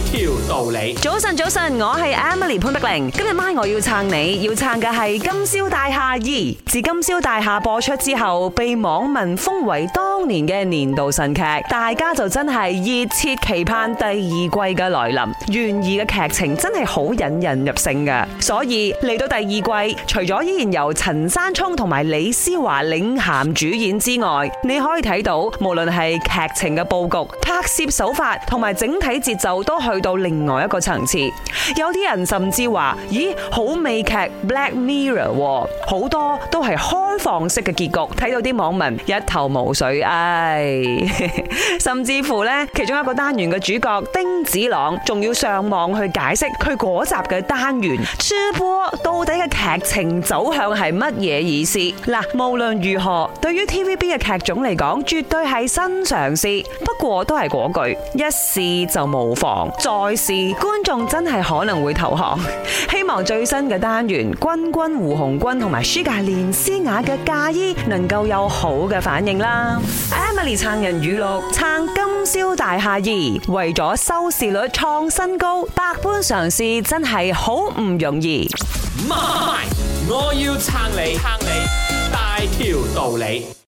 條道理。早晨，早晨，我係 Emily 潘德玲。今日晚我要撐你，要撐嘅係《金宵大廈二》。自《金宵大廈》播出之後，被網民封為當年嘅年度神劇，大家就真係熱切期盼第二季嘅來臨。懸疑嘅劇情真係好引人入勝㗎，所以嚟到第二季，除咗依然由陳山聰同埋李思華領銜主演之外，你可以睇到無論係劇情嘅布局、拍攝手法同埋整體節奏都去到另外一個層次，有啲人甚至話咦，好美劇《Black Mirror》，好多都係開開放式嘅結局，睇到啲網民一頭霧水，唉，甚至乎咧，其中一個單元嘅主角丁子朗仲要上網去解釋佢嗰集嘅單元出波到底嘅劇情走向係乜嘢意思？嗱，無論如何，對於 TVB 嘅劇種嚟講，絕對係新嘗試。不過都係嗰句，一試就無妨，再試觀眾真係可能會投降。希望最新嘅單元君君胡鴻鈞同埋舒嘉麟思雅嘅。嫁衣能夠有好嘅反應啦 em。Emily 撐人語錄，撐今宵大廈二，為咗收視率創新高，百般嘗試真係好唔容易。我要撐你，撐你大條道理。